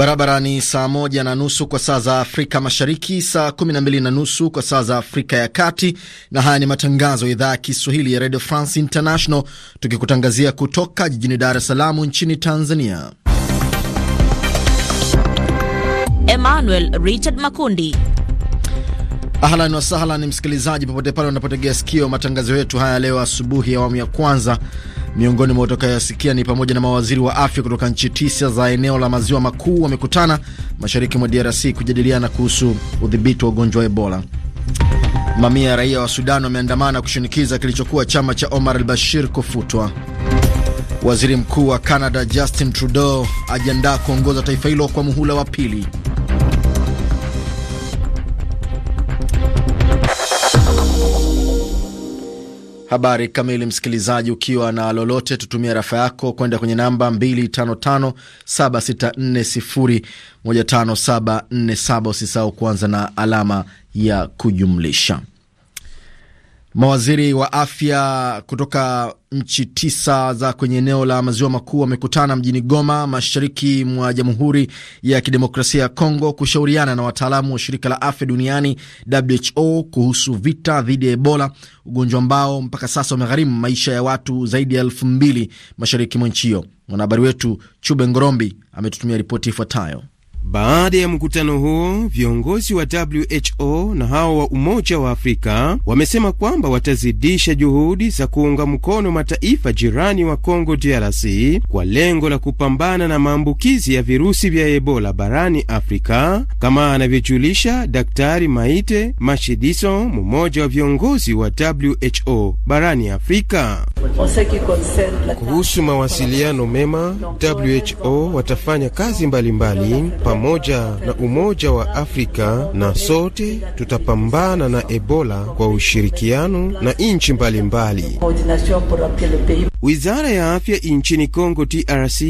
Barabara ni saa moja na nusu kwa saa za Afrika Mashariki, saa kumi na mbili na nusu kwa saa za Afrika ya Kati, na haya ni matangazo ya idhaa ya Kiswahili ya Radio France International, tukikutangazia kutoka jijini Dar es Salaam nchini Tanzania. Emmanuel Richard Makundi. Ahlan wasahlan, msikilizaji popote pale unapotegea sikio matangazo yetu haya leo asubuhi, awamu ya kwanza Miongoni mwa utakayoyasikia ni pamoja na mawaziri wa afya kutoka nchi tisa za eneo la maziwa makuu wamekutana mashariki mwa DRC kujadiliana kuhusu udhibiti wa ugonjwa wa Ebola. Mamia ya raia wa Sudan wameandamana kushinikiza kilichokuwa chama cha Omar al Bashir kufutwa. Waziri mkuu wa Canada Justin Trudeau ajiandaa kuongoza taifa hilo kwa muhula wa pili. Habari kamili, msikilizaji, ukiwa na lolote, tutumia rafa yako kwenda kwenye namba 255764015747. Usisahau kuanza na alama ya kujumlisha. Mawaziri wa afya kutoka nchi tisa za kwenye eneo la maziwa makuu wamekutana mjini Goma, mashariki mwa Jamhuri ya Kidemokrasia ya Kongo, kushauriana na wataalamu wa shirika la afya duniani WHO kuhusu vita dhidi ya Ebola, ugonjwa ambao mpaka sasa umegharimu maisha ya watu zaidi ya elfu mbili mashariki mwa nchi hiyo. Mwanahabari wetu Chube Ngorombi ametutumia ripoti ifuatayo. Baada ya mkutano huo, viongozi wa WHO na hao wa Umoja wa Afrika wamesema kwamba watazidisha juhudi za kuunga mkono mataifa jirani wa congo DRC kwa lengo la kupambana na maambukizi ya virusi vya Ebola barani Afrika, kama anavyojulisha Daktari Maite Mashidiso, mmoja wa viongozi wa WHO barani Afrika. Kuhusu mawasiliano mema, WHO watafanya kazi mbalimbali mbali, pamoja na Umoja wa Afrika na sote tutapambana na Ebola kwa ushirikiano na nchi mbalimbali. Wizara ya Afya nchini congo trc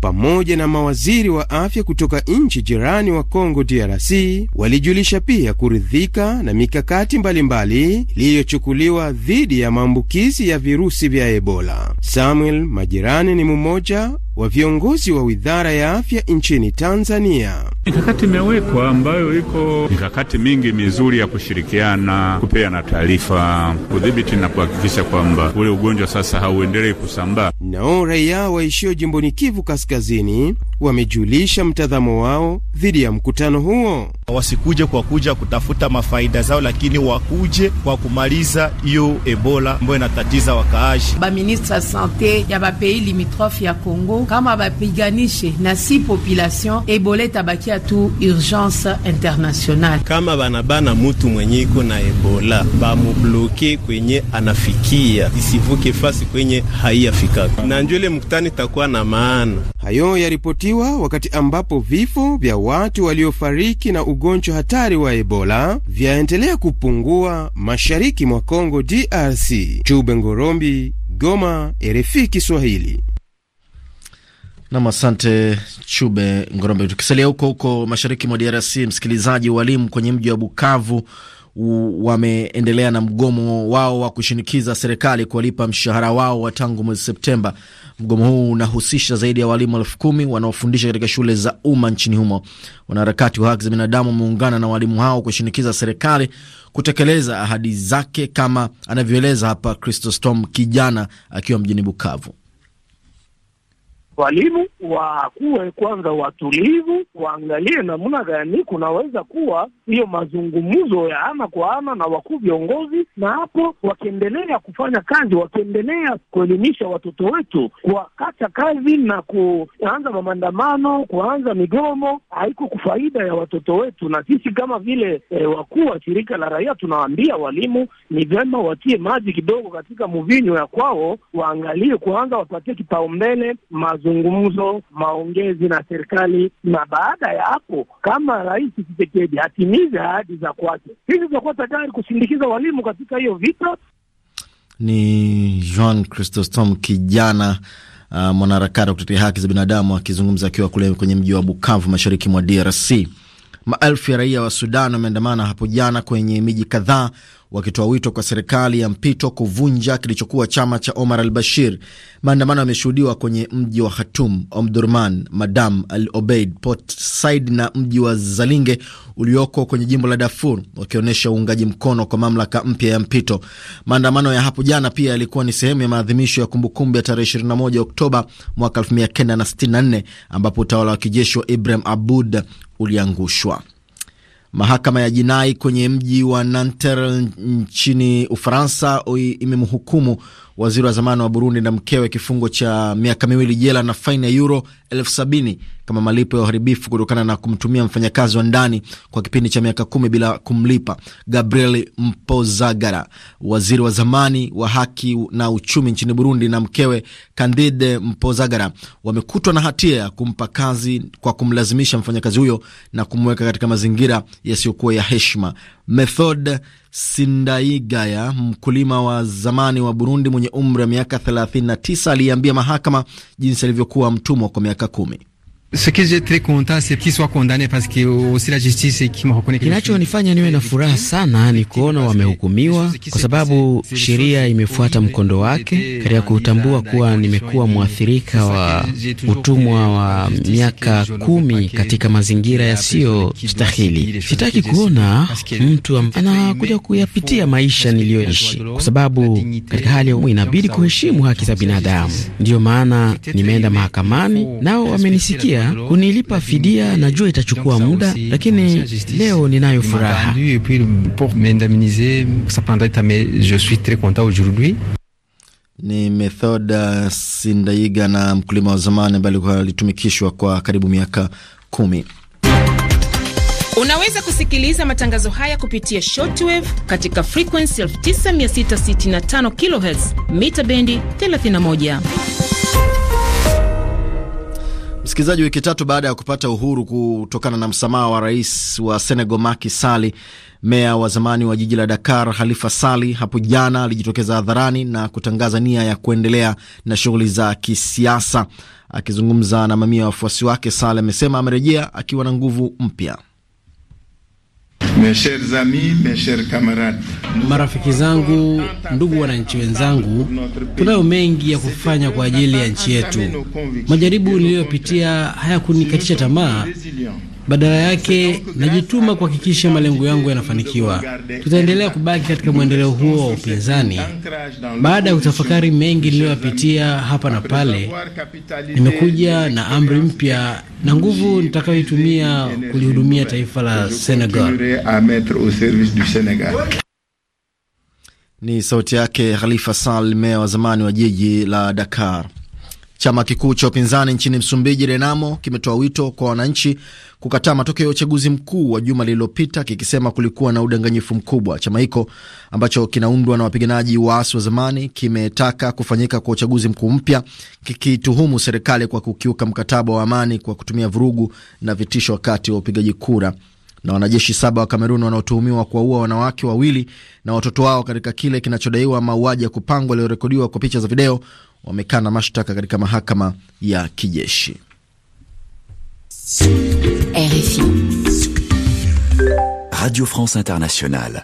pamoja na mawaziri wa afya kutoka nchi jirani wa congo DRC walijulisha pia kuridhika na mikakati mbalimbali iliyochukuliwa dhidi ya maambukizi ya virusi vya Ebola. Samuel Majirani ni mmoja wa viongozi wa Wizara ya Afya nchini Tanzania. Mikakati imewekwa ambayo iko mikakati mingi mizuri ya kushirikiana, kupea na taarifa, kudhibiti na kuhakikisha kwamba ule ugonjwa sasa hauendelei kusambaa. Nao raia waishio jimboni Kivu Kaskazini wamejulisha mtazamo wao dhidi ya mkutano huo. Wasikuje kwa kuja kutafuta mafaida zao, lakini wakuje kwa kumaliza hiyo Ebola ambayo inatatiza wakaaji. Baminista sante ya bapei limitrofe ya Kongo kama bapiganishe na si population Ebola tabakia tu urgence internationale. Kama banabana mutu mwenye iko na Ebola bamubloke kwenye anafikia isivuke fasi kwenye haiafikaka, na njo mkutani takuwa na maana. Hayo yaripotiwa wakati ambapo vifo vya watu waliofariki na ugonjwa hatari wa Ebola vyaendelea kupungua mashariki mwa Kongo DRC. Chube Ngorombi, Goma, RFI Kiswahili. Nam, asante Chube Ngorombe. Tukisalia huko huko mashariki mwa DRC, msikilizaji, walimu kwenye mji wa Bukavu wameendelea na mgomo wao wa kushinikiza serikali kuwalipa mshahara wao wa tangu mwezi Septemba. Mgomo huu unahusisha zaidi ya walimu elfu kumi wanaofundisha katika shule za umma nchini humo. Wanaharakati wa haki za binadamu wameungana na walimu hao kushinikiza serikali kutekeleza ahadi zake, kama anavyoeleza hapa Christostom Kijana akiwa mjini Bukavu walimu wakuwe kwanza watulivu, waangalie namna gani kunaweza kuwa hiyo mazungumzo ya ana kwa ana na wakuu viongozi, na hapo wakiendelea kufanya kazi, wakiendelea kuelimisha watoto wetu, kuwakata kazi na kuanza maandamano, kuanza migomo, haiko kufaida ya watoto wetu. Na sisi kama vile e, wakuu wa shirika la raia tunawaambia walimu ni vyema watie maji kidogo katika muvinyo ya kwao, waangalie kuanza wapatie kipaumbele mazungumzo, maongezi na serikali, na baada ya hapo, kama Rais Tshisekedi hatimize ahadi za kwake, sisi tutakuwa tayari kusindikiza walimu katika hiyo vita. Ni Jean Christostom kijana uh, mwanaharakati wa kutetea haki za binadamu akizungumza akiwa kule kwenye mji wa Bukavu, mashariki mwa DRC. Maelfu ya raia wa Sudan wameandamana hapo jana kwenye miji kadhaa wakitoa wito kwa serikali ya mpito kuvunja kilichokuwa chama cha Omar al Bashir. Maandamano yameshuhudiwa kwenye mji wa Khatum, Omdurman, Madam al Obeid, Port Said na mji wa Zalinge ulioko kwenye jimbo la Darfur, wakionyesha uungaji mkono kwa mamlaka mpya ya mpito. Maandamano ya hapo jana pia yalikuwa ni sehemu ya maadhimisho ya kumbukumbu ya tarehe 21 Oktoba mwaka 1964 ambapo utawala wa kijeshi wa Ibrahim Abud uliangushwa. Mahakama ya jinai kwenye mji wa Nanterre nchini Ufaransa imemhukumu waziri wa zamani wa Burundi na mkewe kifungo cha miaka miwili jela na faini ya euro elfu sabini kama malipo ya uharibifu kutokana na kumtumia mfanyakazi wa ndani kwa kipindi cha miaka kumi bila kumlipa. Gabriel Mpozagara, waziri wa zamani wa haki na uchumi nchini Burundi, na mkewe Candide Mpozagara wamekutwa na hatia ya kumpa kazi kwa kumlazimisha mfanyakazi huyo na kumweka katika mazingira yasiyokuwa ya heshima. Method Sindaigaya, mkulima wa zamani wa Burundi mwenye umri wa miaka 39, aliyeambia mahakama jinsi alivyokuwa mtumwa kwa miaka kumi. Ce que je très content c'est qu'il soit condamné parce que aussi la justice qui me reconnaît. Kinachonifanya niwe na furaha sana ni kuona wamehukumiwa, kwa sababu sheria imefuata mkondo wake katika kutambua kuwa nimekuwa mwathirika wa utumwa wa miaka kumi katika mazingira yasiyo stahili. Sitaki kuona mtu anakuja kuyapitia maisha niliyoishi, kwa sababu katika hali ya inabidi kuheshimu haki za binadamu. Ndiyo maana nimeenda mahakamani, nao wamenisikia kunilipa fidia, najua itachukua muda, lakini leo ninayo furaha. Ni Methoda Sindaiga na mkulima wa zamani ambaye alikuwa alitumikishwa kwa karibu miaka kumi. Unaweza kusikiliza matangazo haya kupitia shortwave katika frequency 9665 kHz mita bendi 31. Msikilizaji, wiki tatu baada ya kupata uhuru kutokana na msamaha wa rais wa Senegal Macky Sall, meya wa zamani wa jiji la Dakar Khalifa Sall hapo jana alijitokeza hadharani na kutangaza nia ya kuendelea na shughuli za kisiasa. Akizungumza na mamia ya wafuasi wake, Sall amesema amerejea akiwa na nguvu mpya. Mes chers amis, mes chers camarades. Marafiki zangu, ndugu wananchi wenzangu, tunayo mengi ya kufanya kwa ajili ya nchi yetu. Majaribu niliyopitia hayakunikatisha tamaa badala yake najituma kuhakikisha malengo yangu yanafanikiwa. Tutaendelea kubaki katika mwendeleo huo wa upinzani. Baada ya kutafakari mengi niliyoyapitia hapa na pale, nimekuja na amri mpya na nguvu nitakayoitumia kulihudumia taifa la Senegal. Ni sauti yake Khalifa Sall, meya wa zamani wa jiji la Dakar. Chama kikuu cha upinzani nchini Msumbiji, Renamo, kimetoa wito kwa wananchi kukataa matokeo ya uchaguzi mkuu wa juma lililopita, kikisema kulikuwa na udanganyifu mkubwa. Chama hiko ambacho kinaundwa na wapiganaji waasi wa zamani kimetaka kufanyika kwa uchaguzi mkuu mpya, kikituhumu serikali kwa kukiuka mkataba wa amani kwa kutumia vurugu na vitisho wakati wa upigaji kura na wanajeshi saba wa Kamerun wanaotuhumiwa kuwaua wanawake wawili na watoto wao katika kile kinachodaiwa mauaji ya kupangwa yaliyorekodiwa kwa picha za video wamekana mashtaka katika mahakama ya kijeshi. RFI Radio France Internationale.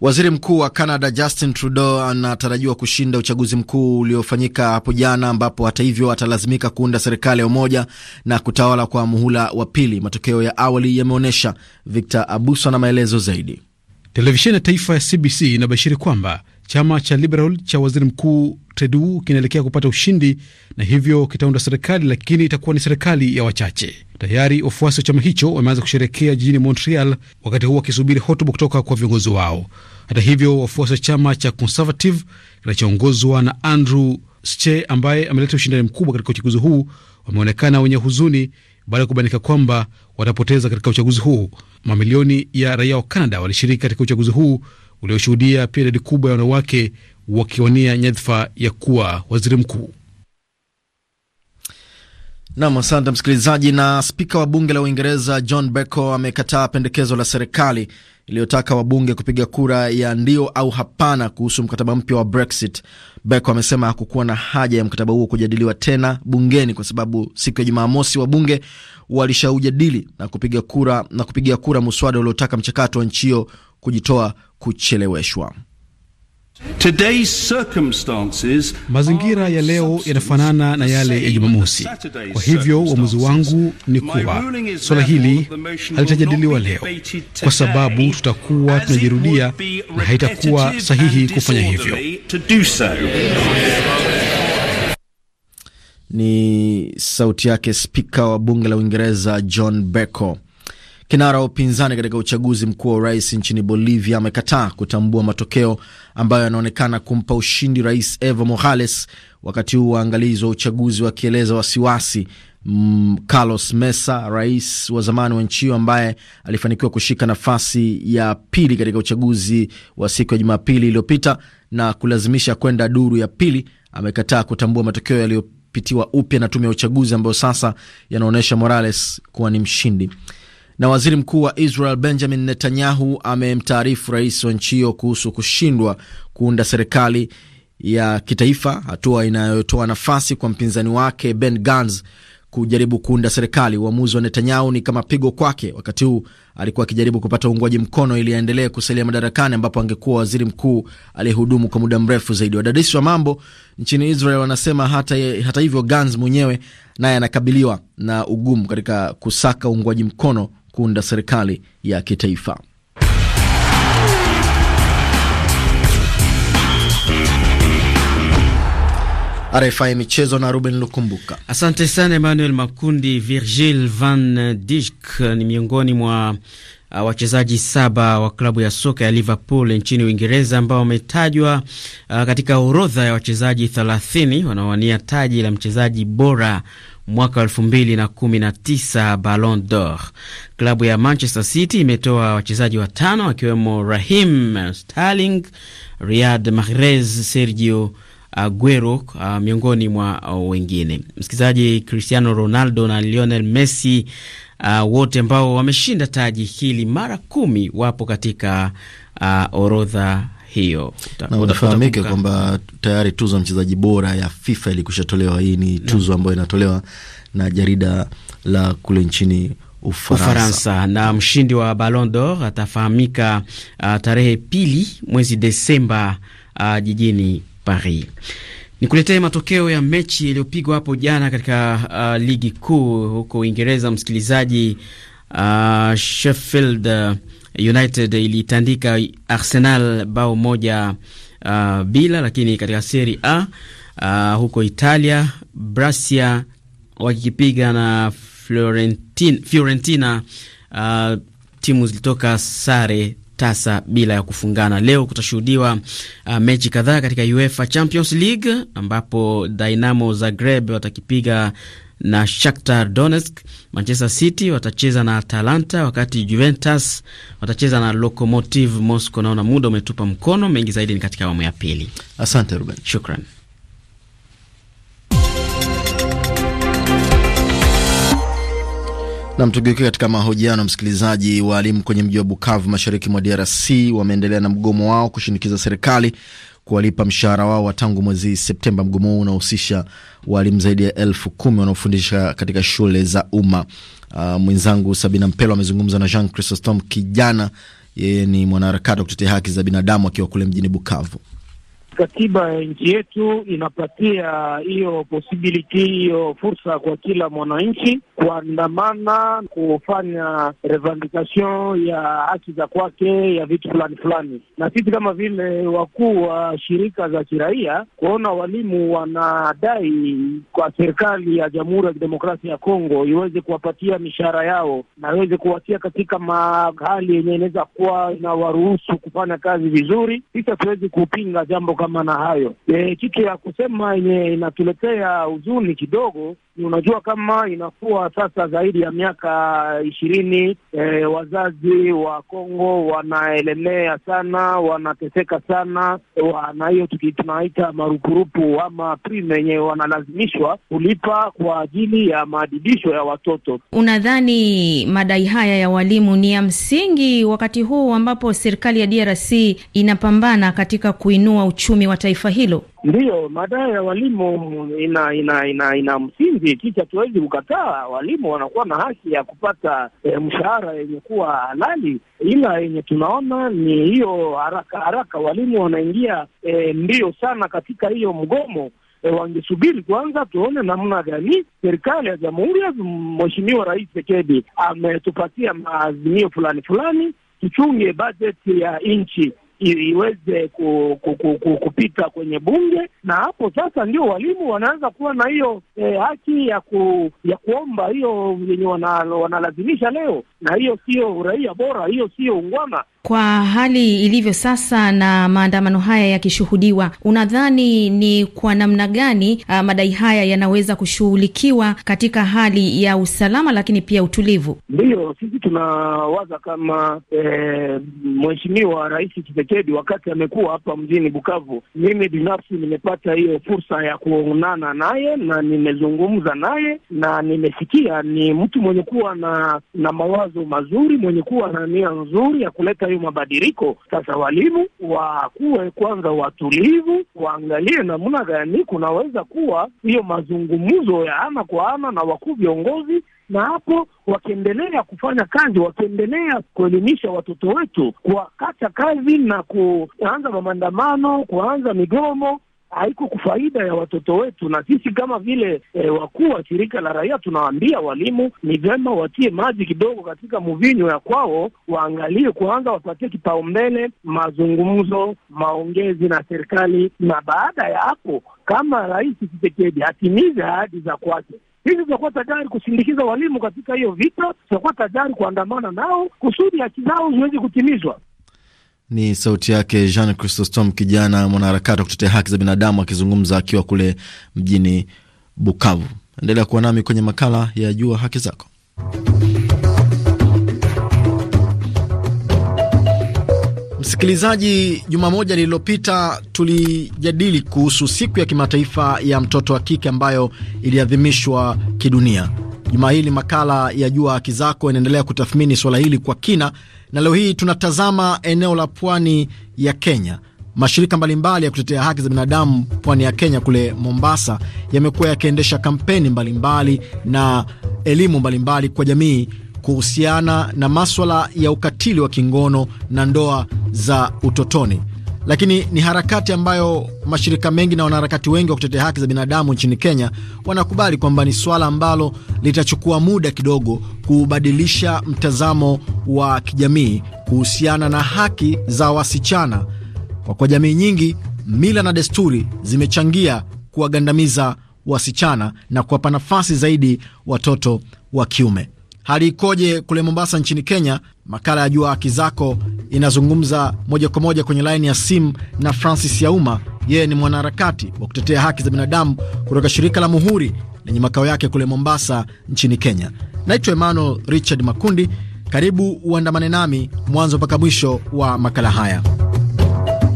Waziri mkuu wa Canada Justin Trudeau anatarajiwa kushinda uchaguzi mkuu uliofanyika hapo jana, ambapo hata hivyo atalazimika kuunda serikali ya umoja na kutawala kwa muhula wa pili. Matokeo ya awali yameonyesha. Victor Abuso na maelezo zaidi. Televisheni ya taifa ya CBC inabashiri kwamba Chama cha Liberal cha waziri mkuu Trudeau kinaelekea kupata ushindi na hivyo kitaunda serikali, lakini itakuwa ni serikali ya wachache. Tayari wafuasi wa chama hicho wameanza kusherekea jijini Montreal, wakati huu wakisubiri hotuba kutoka kwa viongozi wao. Hata hivyo, wafuasi wa chama cha Conservative kinachoongozwa na Andrew Scheer ambaye ameleta ushindani mkubwa katika uchaguzi huu wameonekana wenye huzuni baada ya kubainika kwamba watapoteza katika uchaguzi huu. Mamilioni ya raia wa canada walishiriki katika uchaguzi huu ulioshuhudia pia idadi kubwa ya wanawake wakiwania nyadhifa ya kuwa waziri mkuu. Nam, asante msikilizaji. Na spika wa bunge la Uingereza John Beko amekataa pendekezo la serikali iliyotaka wabunge kupiga kura ya ndio au hapana kuhusu mkataba mpya wa Brexit. Beko amesema hakukuwa na haja ya mkataba huo kujadiliwa tena bungeni kwa sababu siku ya Jumamosi wabunge walishaujadili na kupiga kura na kupiga kura muswada uliotaka mchakato wa nchi hiyo kujitoa kucheleweshwa. Mazingira ya leo yanafanana na yale ya Jumamosi. Kwa hivyo uamuzi wangu ni kuwa suala hili halitajadiliwa leo, kwa sababu tutakuwa tunajirudia na haitakuwa sahihi kufanya hivyo. Ni sauti yake spika wa bunge la Uingereza John Beko. Kinara wa upinzani katika uchaguzi mkuu wa urais nchini Bolivia amekataa kutambua matokeo ambayo yanaonekana kumpa ushindi rais Evo Morales, wakati huu waangalizi wa uchaguzi wakieleza wasiwasi. Mm, Carlos Mesa, rais wa zamani wa nchi hiyo ambaye alifanikiwa kushika nafasi ya pili katika uchaguzi wa siku ya Jumapili iliyopita na kulazimisha kwenda duru ya pili, amekataa kutambua matokeo yaliyo kupitiwa upya na tume ya uchaguzi ambayo sasa yanaonyesha Morales kuwa ni mshindi. Na waziri mkuu wa Israel Benjamin Netanyahu amemtaarifu rais wa nchi hiyo kuhusu kushindwa kuunda serikali ya kitaifa, hatua inayotoa nafasi kwa mpinzani wake Ben Gantz kujaribu kuunda serikali. Uamuzi wa Netanyahu ni kama pigo kwake. Wakati huu alikuwa akijaribu kupata uungwaji mkono ili aendelee kusalia madarakani, ambapo angekuwa waziri mkuu aliyehudumu kwa muda mrefu zaidi. Wadadisi wa mambo nchini Israel wanasema hata, hata hivyo Gans mwenyewe naye anakabiliwa na ugumu katika kusaka uungwaji mkono kuunda serikali ya kitaifa. RFI Michezo na Ruben Lukumbuka. Asante sana Emmanuel Makundi. Virgil van Dijk ni miongoni mwa Uh, wachezaji saba wa klabu ya soka ya Liverpool nchini Uingereza ambao wametajwa uh, katika orodha ya wachezaji 30 wanaowania taji la mchezaji bora mwaka tisa Ballon d'Or. Klabu ya Manchester City imetoa wachezaji watano akiwemo Raheem Sterling, Riyad Mahrez, Sergio Aguero uh, uh, miongoni mwa uh, wengine. Msikilizaji, Cristiano Ronaldo na Lionel Messi uh, wote ambao wameshinda taji hili mara kumi wapo katika uh, orodha hiyo. Unafahamika kwamba tayari tuzo ya mchezaji bora ya FIFA ilikushatolewa. Hii ni tuzo ambayo inatolewa na jarida la kule nchini Ufaransa. Ufaransa na mshindi wa Ballon d'Or atafahamika uh, tarehe pili mwezi Desemba uh, jijini Paris. Nikuletee matokeo ya mechi yaliyopigwa hapo jana katika uh, ligi kuu huko Uingereza, msikilizaji. Uh, Sheffield uh, United ilitandika Arsenal bao moja uh, bila, lakini katika Serie A uh, huko Italia Brescia wakikipiga na Fiorentina, uh, timu zilitoka sare tasa bila ya kufungana. Leo kutashuhudiwa uh, mechi kadhaa katika UEFA Champions League ambapo Dinamo Zagreb watakipiga na Shakhtar Donetsk, Manchester City watacheza na Atalanta, wakati Juventus watacheza na Lokomotiv Moscow. Naona muda umetupa mkono, mengi zaidi ni katika awamu ya pili. Asante Ruben, shukran. Nam, tugeukia katika mahojiano. Msikilizaji, waalimu kwenye mji wa Bukavu mashariki mwa DRC wameendelea na mgomo wao kushinikiza serikali kuwalipa mshahara wao wa tangu mwezi Septemba. Mgomo huu unahusisha waalimu zaidi ya elfu kumi wanaofundisha katika shule za umma. Uh, mwenzangu Sabina Mpelo amezungumza na Jean Chrysostom Kijana, yeye ni mwanaharakati wa kutetea haki za binadamu akiwa kule mjini Bukavu katiba ya nchi yetu inapatia hiyo posibiliti hiyo fursa kwa kila mwananchi kuandamana, kufanya revendication ya haki za kwake, ya vitu fulani fulani. Na sisi kama vile wakuu wa shirika za kiraia, kuona walimu wanadai kwa serikali ya Jamhuri ya Kidemokrasia ya Kongo iweze kuwapatia mishahara yao na iweze kuwatia katika mahali yenye inaweza kuwa inawaruhusu kufanya kazi vizuri, sisi hatuwezi kupinga jambo kutokana na hayo e, kitu ya kusema yenye inatuletea huzuni kidogo unajua kama inakuwa sasa zaidi ya miaka ishirini e, wazazi wa Kongo wanaelemea sana, wanateseka sana na hiyo tunaita marupurupu ama prime yenye wanalazimishwa kulipa kwa ajili ya maadibisho ya watoto. Unadhani madai haya ya walimu ni ya msingi wakati huu ambapo serikali ya DRC inapambana katika kuinua uchumi wa taifa hilo? Ndiyo, madai ya walimu ina ina ina, ina msingi kipindi hiki hatuwezi kukataa, walimu wanakuwa na haki ya kupata e, mshahara yenye kuwa halali, ila yenye tunaona ni hiyo haraka haraka, walimu wanaingia e, mbio sana katika hiyo mgomo. E, wangesubiri kwanza tuone namna gani serikali ya jamhuri mweshimiwa Mheshimiwa Rais Sekedi ametupatia maazimio fulani fulani, tuchunge bajeti ya nchi iweze ku, ku, ku, ku, kupita kwenye bunge, na hapo sasa ndio walimu wanaanza kuwa na hiyo eh, haki ya ku, ya kuomba hiyo yenye wanalazimisha wana leo na hiyo siyo uraia bora, hiyo siyo ungwana. Kwa hali ilivyo sasa na maandamano haya yakishuhudiwa, unadhani ni kwa namna gani uh, madai haya yanaweza kushughulikiwa katika hali ya usalama lakini pia utulivu? Ndiyo, sisi tunawaza kama e, Mheshimiwa Rais Tshisekedi wakati amekuwa hapa mjini Bukavu, mimi binafsi nimepata hiyo fursa ya kuonana naye na nimezungumza naye na nimesikia ni mtu mwenye kuwa na na mawazo mawazo mazuri, mwenye kuwa na nia nzuri ya kuleta hiyo mabadiliko. Sasa walimu wakuwe kwanza watulivu, waangalie namna gani kunaweza kuwa hiyo mazungumzo ya ana kwa ana na wakuu viongozi na hapo wakiendelea kufanya kazi, wakiendelea kuelimisha watoto wetu, kuwakata kazi na kuanza maandamano, kuanza migomo, haiko kufaida ya watoto wetu, na sisi kama vile e, wakuu wa shirika la raia tunawaambia walimu ni vyema watie maji kidogo katika mvinyo ya kwao, waangalie kwanza, wapatie kipaumbele mazungumzo, maongezi na serikali, na baada ya hapo kama Rais Tshisekedi atimize ahadi za kwake hivi tutakuwa tajari kusindikiza walimu katika hiyo vita, tutakuwa tajari kuandamana nao kusudi haki zao ziweze kutimizwa. Ni sauti yake Jean Chrysostom, kijana mwanaharakati wa kutetea haki za binadamu akizungumza akiwa kule mjini Bukavu. Endelea kuwa nami kwenye makala ya Jua Haki Zako. Msikilizaji, juma moja lililopita tulijadili kuhusu siku ya kimataifa ya mtoto wa kike ambayo iliadhimishwa kidunia. Juma hili makala ya Jua Haki Zako inaendelea kutathmini suala hili kwa kina na leo hii tunatazama eneo la pwani ya Kenya. Mashirika mbalimbali ya kutetea haki za binadamu pwani ya Kenya kule Mombasa yamekuwa yakiendesha kampeni mbalimbali mbali na elimu mbalimbali mbali kwa jamii kuhusiana na maswala ya ukatili wa kingono na ndoa za utotoni lakini ni harakati ambayo mashirika mengi na wanaharakati wengi wa kutetea haki za binadamu nchini Kenya wanakubali kwamba ni swala ambalo litachukua muda kidogo kubadilisha mtazamo wa kijamii kuhusiana na haki za wasichana, kwa kuwa jamii nyingi, mila na desturi zimechangia kuwagandamiza wasichana na kuwapa nafasi zaidi watoto wa kiume hali ikoje kule Mombasa nchini Kenya? Makala ya Jua Haki Zako inazungumza moja kwa moja kwenye laini ya simu na Francis Yauma. Yeye ni mwanaharakati wa kutetea haki za binadamu kutoka shirika la Muhuri lenye makao yake kule Mombasa nchini Kenya. Naitwa Emmanuel Richard Makundi. Karibu uandamane nami mwanzo mpaka mwisho wa makala haya.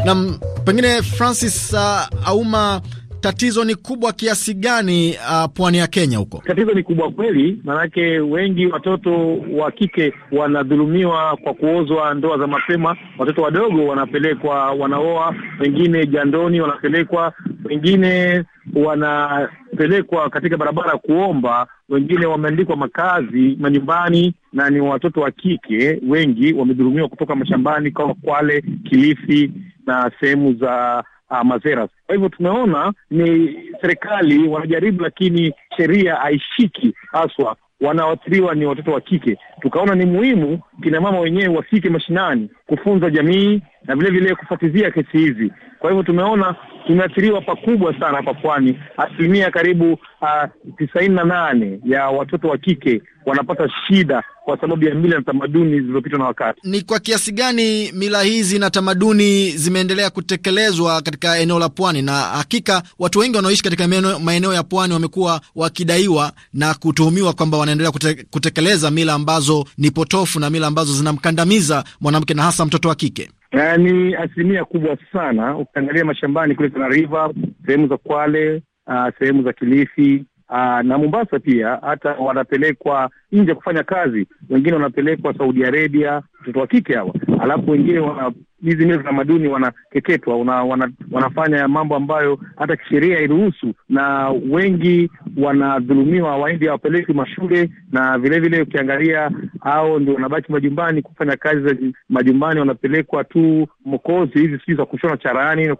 Nam, pengine Francis uh, Auma tatizo ni kubwa kiasi gani uh, pwani ya Kenya huko? Tatizo ni kubwa kweli, maanake wengi watoto wa kike wanadhulumiwa kwa kuozwa ndoa za mapema. Watoto wadogo wanapelekwa, wanaoa, wengine jandoni wanapelekwa, wengine wanapelekwa katika barabara kuomba, wengine wameandikwa makazi manyumbani, na ni watoto wa kike wengi wamedhulumiwa kutoka mashambani kama Kwale, Kilifi na sehemu za uh, Mazeras. Kwa hivyo tumeona ni serikali wanajaribu, lakini sheria haishiki haswa wanaoathiriwa ni watoto wa kike. Tukaona ni muhimu kina mama wenyewe wafike mashinani kufunza jamii na vile vile kufuatilia kesi hizi. Kwa hivyo tumeona tumeathiriwa pakubwa sana hapa pwani. Asilimia karibu ah, tisaini na nane ya watoto wa kike wanapata shida kwa sababu ya mila na tamaduni zilizopitwa na wakati. Ni kwa kiasi gani mila hizi na tamaduni zimeendelea kutekelezwa katika eneo la pwani? Na hakika watu wengi wanaoishi katika maeneo ya pwani wamekuwa wakidaiwa na kutuhumiwa kwamba wanaendelea kute, kutekeleza mila ambazo ni potofu na mila ambazo zinamkandamiza mwanamke na hasa mtoto wa kike na ni asilimia kubwa sana. Ukiangalia mashambani kule Tana River, sehemu za Kwale, uh, sehemu za Kilifi ah, na Mombasa pia hata wanapelekwa nje kufanya kazi, wengine wanapelekwa Saudi Arabia, watoto wa kike hawa, alafu wengine wana hizi mila za tamaduni wanakeketwa, wana wanafanya mambo ambayo hata kisheria iruhusu, na wengi wanadhulumiwa, hawaendi, hawapeleki mashule, na vilevile ukiangalia hao ndio wanabaki majumbani kufanya kazi za majumbani, wanapelekwa tu mokozi hizi sijui za kushona charani na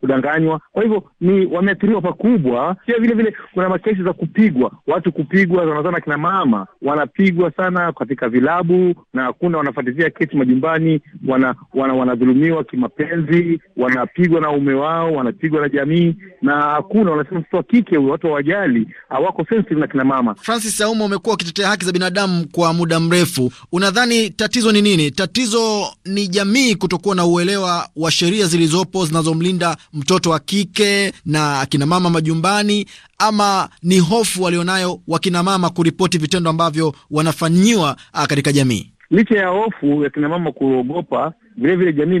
kudanganywa. Kwa hivyo ni wameathiriwa pakubwa. Pia vilevile kuna makesi za kupigwa, watu kupigwa, wanazana akina mama wanapigwa sana katika vilabu, na hakuna wanafatizia kesi majumbani, wanadhulumiwa, wana, wana kimapenzi, wanapigwa na ume wanaume wao wanapigwa na jamii na hakuna, wanasema mtoto wa kike huyo, watu hawajali, hawako sensitive na kina mama. Francis auma umekuwa ukitetea haki za binadamu kwa muda mrefu, unadhani tatizo ni nini? Tatizo ni jamii kutokuwa na uelewa wa sheria zilizopo zinazomlinda mtoto wa kike na akina mama majumbani, ama ni hofu walionayo wakinamama kuripoti vitendo ambavyo wanafanyiwa ah, katika jamii? Licha ya hofu ya kinamama kuogopa, vilevile jamii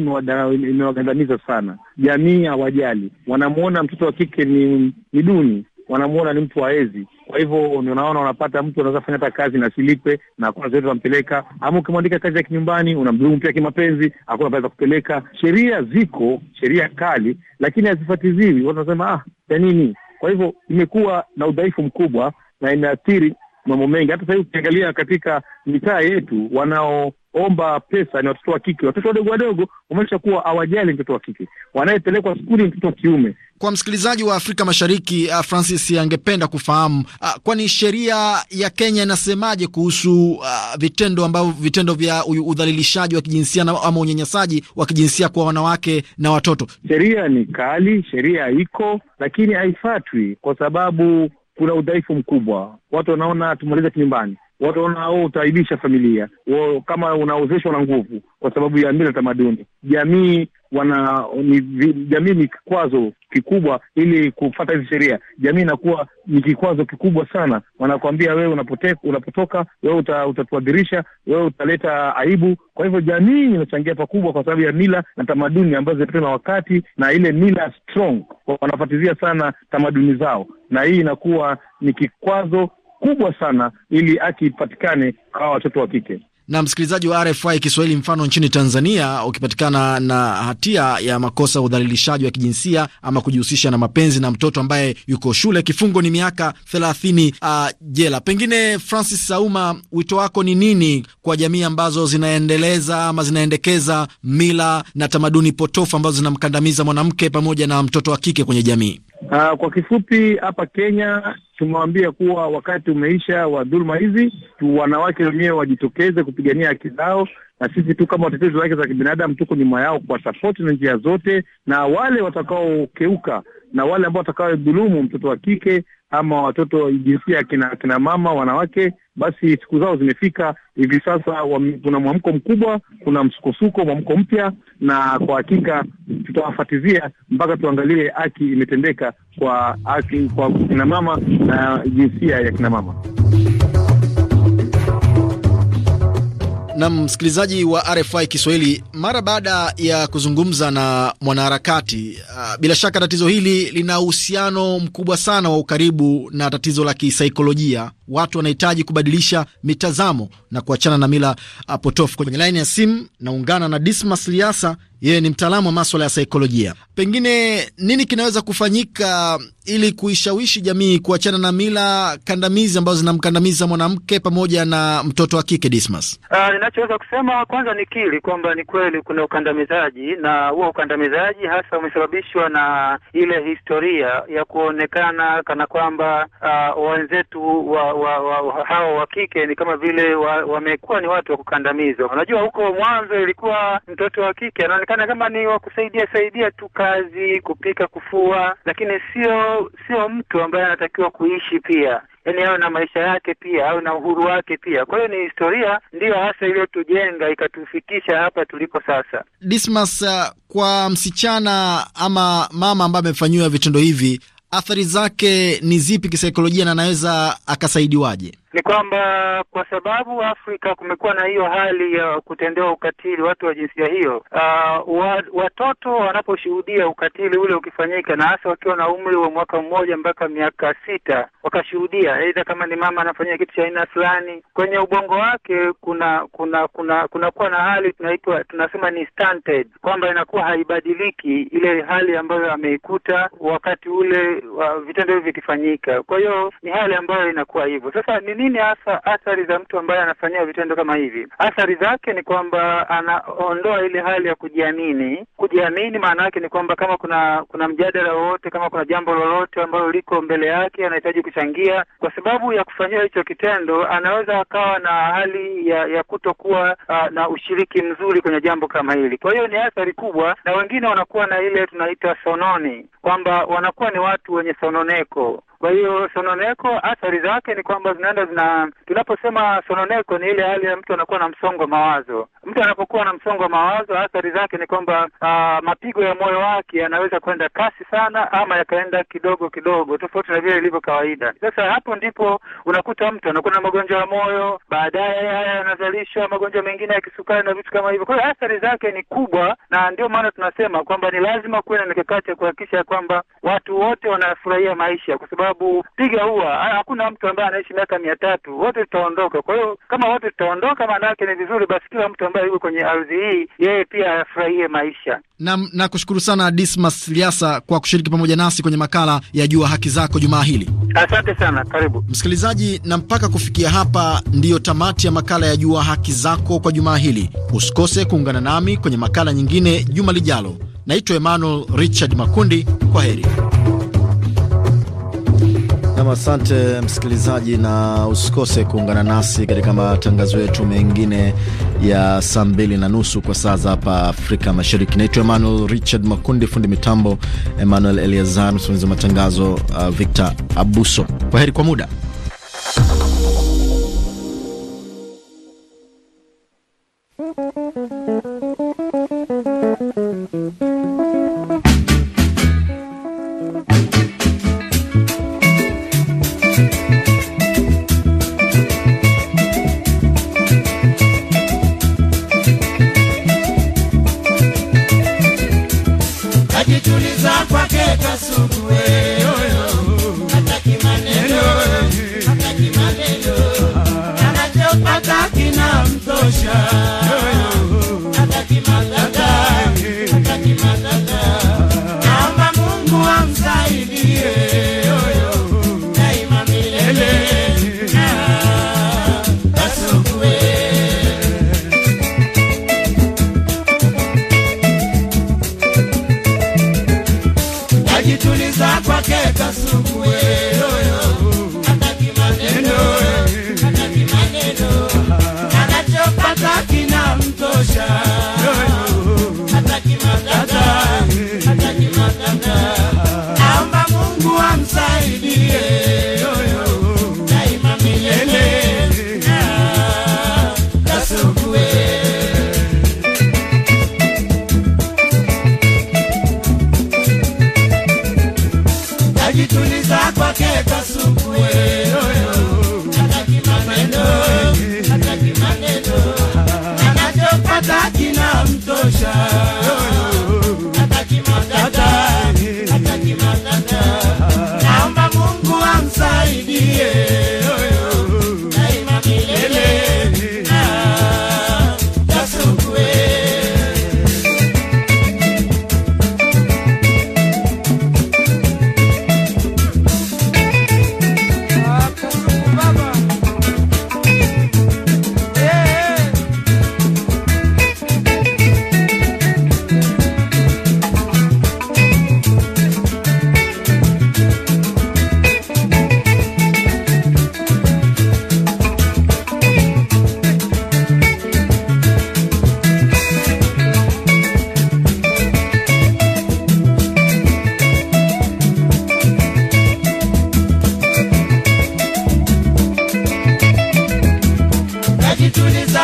imewagandamiza sana. Jamii hawajali, wanamwona mtoto wa kike ni, ni duni wanamuona ni mtu waezi. Kwa hivyo unaona unapata mtu anaweza fanya hata kazi na silipe na hakuna zote unampeleka, ama ukimwandika kazi ya kinyumbani unamdhulumu pia kimapenzi, hakuna pale za kupeleka. Sheria ziko sheria kali, lakini hazifuatiliwi. Watu wanasema ah, ya nini? Kwa hivyo imekuwa na udhaifu mkubwa na inaathiri mambo mengi. Hata sasa ukiangalia katika mitaa yetu wanaoomba pesa ni watoto wa kike, watoto wadogo wadogo, wamesha kuwa hawajali mtoto wa kike, wanayepelekwa skuli mtoto wa kiume. Kwa msikilizaji wa Afrika Mashariki, uh, Francis angependa kufahamu uh, kwani sheria ya Kenya inasemaje kuhusu uh, vitendo ambavyo vitendo vya udhalilishaji wa kijinsia na, ama unyanyasaji wa kijinsia kwa wanawake na watoto? Sheria ni kali, sheria iko, lakini haifatwi kwa sababu kuna udhaifu mkubwa, watu wanaona tumalize tu nyumbani watu utaaibisha familia wao, kama unaozeshwa na nguvu kwa sababu ya mila tamaduni, jamii wana ni, jamii ni kikwazo kikubwa ili kufata hizi sheria. Jamii inakuwa ni kikwazo kikubwa sana, wanakuambia wewe unapote, unapotoka wewe uta, utatuadhirisha wewe utaleta aibu. Kwa hivyo jamii inachangia pakubwa kwa sababu ya mila na tamaduni ambazo zimepitwa na wakati na ile mila strong, sana tamaduni zao, na hii inakuwa ni kikwazo kubwa sana, ili haki ipatikane kwa watoto wa kike na msikilizaji wa RFI Kiswahili, mfano nchini Tanzania, ukipatikana na hatia ya makosa ya udhalilishaji wa kijinsia ama kujihusisha na mapenzi na mtoto ambaye yuko shule, kifungo ni miaka thelathini uh, jela. Pengine Francis Sauma, wito wako ni nini kwa jamii ambazo zinaendeleza ama zinaendekeza mila na tamaduni potofu ambazo zinamkandamiza mwanamke pamoja na mtoto wa kike kwenye jamii? Uh, kwa kifupi hapa Kenya tumewaambia kuwa wakati umeisha wa dhuluma hizi, wanawake wenyewe wajitokeze kupigania haki zao, na sisi tu kama watetezi wa haki za kibinadamu tuko nyuma yao kwa sapoti na njia zote, na wale watakaokeuka na wale ambao watakaodhulumu mtoto wa kike ama watoto jinsia ya kina, kina mama wanawake basi siku zao zimefika. Hivi sasa kuna mwamko mkubwa, kuna msukosuko, mwamko mpya, na kwa hakika tutawafatizia mpaka tuangalie haki imetendeka kwa haki kwa kinamama na jinsia ya kinamama. Na msikilizaji wa RFI Kiswahili, mara baada ya kuzungumza na mwanaharakati uh, bila shaka tatizo hili lina uhusiano mkubwa sana wa ukaribu na tatizo la kisaikolojia. Watu wanahitaji kubadilisha mitazamo na kuachana na mila uh, potofu. Kwenye laini ya simu naungana na Dismas Liasa yeye ni mtaalamu wa maswala ya saikolojia. Pengine nini kinaweza kufanyika ili kuishawishi jamii kuachana na mila kandamizi ambazo zinamkandamiza mwanamke pamoja na mtoto wa kike Dismas? Uh, ninachoweza kusema kwanza ni kili kwamba ni kweli kuna ukandamizaji, na huo ukandamizaji hasa umesababishwa na ile historia ya kuonekana kana kwamba uh, wenzetu wa, wa, wa, wa, hawa wa kike ni kama vile wamekuwa wa ni watu wa kukandamizwa. Unajua, huko mwanzo ilikuwa mtoto wa kike inaonekana kama ni wa kusaidia saidia tu kazi, kupika, kufua, lakini sio sio mtu ambaye anatakiwa kuishi pia yaani awe na maisha yake pia, awe na uhuru wake pia. Kwa hiyo ni historia ndiyo hasa iliyotujenga ikatufikisha hapa tuliko sasa. Dismas, uh, kwa msichana ama mama ambaye amefanyiwa vitendo hivi, athari zake ni zipi kisaikolojia, na anaweza akasaidiwaje? ni kwamba kwa sababu Afrika kumekuwa na hiyo hali ya kutendewa ukatili watu wa jinsia hiyo, uh, watoto wanaposhuhudia ukatili ule ukifanyika, na hasa wakiwa na umri wa mwaka mmoja mpaka miaka sita, wakashuhudia aidha kama ni mama anafanyia kitu cha aina fulani, kwenye ubongo wake kuna kuna kuna kunakuwa na hali tunaitwa tunasema ni stunted, kwamba inakuwa haibadiliki ile hali ambayo ameikuta wakati ule wa uh, vitendo hivyo vikifanyika. Kwa hiyo ni hali ambayo inakuwa hivyo. Sasa ni nini hasa athari za mtu ambaye anafanyia vitendo kama hivi? Athari zake ni kwamba anaondoa ile hali ya kujiamini. Kujiamini maana yake ni kwamba kama kuna kuna mjadala wowote, kama kuna jambo lolote ambalo liko mbele yake, anahitaji kuchangia, kwa sababu ya kufanyia hicho kitendo anaweza akawa na hali ya, ya kutokuwa uh, na ushiriki mzuri kwenye jambo kama hili. Kwa hiyo ni athari kubwa, na wengine wanakuwa na ile tunaita sononi kwamba wanakuwa ni watu wenye sononeko. Kwa hiyo sononeko, athari zake ni kwamba zinaenda zina, tunaposema sononeko ni ile hali ya mtu anakuwa na msongo wa mawazo. Mtu anapokuwa na msongo wa mawazo, athari zake ni kwamba ah, mapigo ya moyo wake yanaweza kwenda kasi sana, ama yakaenda kidogo kidogo, tofauti na vile ilivyo kawaida. Sasa hapo ndipo unakuta mtu anakuwa na magonjwa ya moyo, baadaye haya yanazalishwa magonjwa mengine ya kisukari na vitu kama hivyo. Kwa hiyo athari zake ni kubwa, na ndio maana tunasema kwamba ni lazima kuwe na mikakati ya kuhakikisha kwamba watu wote wanafurahia maisha, kwa sababu piga huwa hakuna mtu ambaye anaishi miaka mia tatu. Wote tutaondoka. Kwa hiyo kama wote tutaondoka, maana yake ni vizuri basi kila mtu ambaye yuko kwenye ardhi hii yeye pia ayafurahie maisha. Nam, nakushukuru sana Dismas Liasa kwa kushiriki pamoja nasi kwenye makala ya Jua Haki Zako jumaa hili. Asante sana, karibu msikilizaji. Na mpaka kufikia hapa ndiyo tamati ya makala ya Jua Haki Zako kwa jumaa hili. Usikose kuungana nami kwenye makala nyingine juma lijalo. Naitwa Emmanuel Richard Makundi, kwa heri. Nam, asante msikilizaji, na usikose kuungana nasi katika matangazo yetu mengine ya saa mbili na nusu kwa saa za hapa Afrika Mashariki. Naitwa Emmanuel Richard Makundi, fundi mitambo Emmanuel Eliazar, msimamizi wa matangazo uh, Victor Abuso. Kwa heri kwa muda.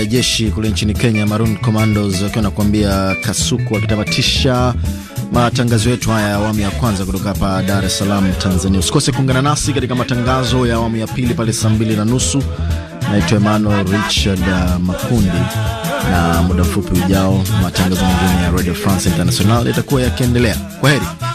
ya jeshi kule nchini Kenya, Maroon Commandos wakiwa nakuambia kasuku, wakitamatisha matangazo yetu haya ya awamu ya kwanza kutoka hapa Dar es Salaam, Tanzania. Usikose kuungana nasi katika matangazo ya awamu ya pili pale saa mbili na nusu. Naitwa Emmanuel Richard uh, Makundi, na muda mfupi ujao matangazo mengine ya Radio France International yatakuwa yakiendelea. Kwa heri.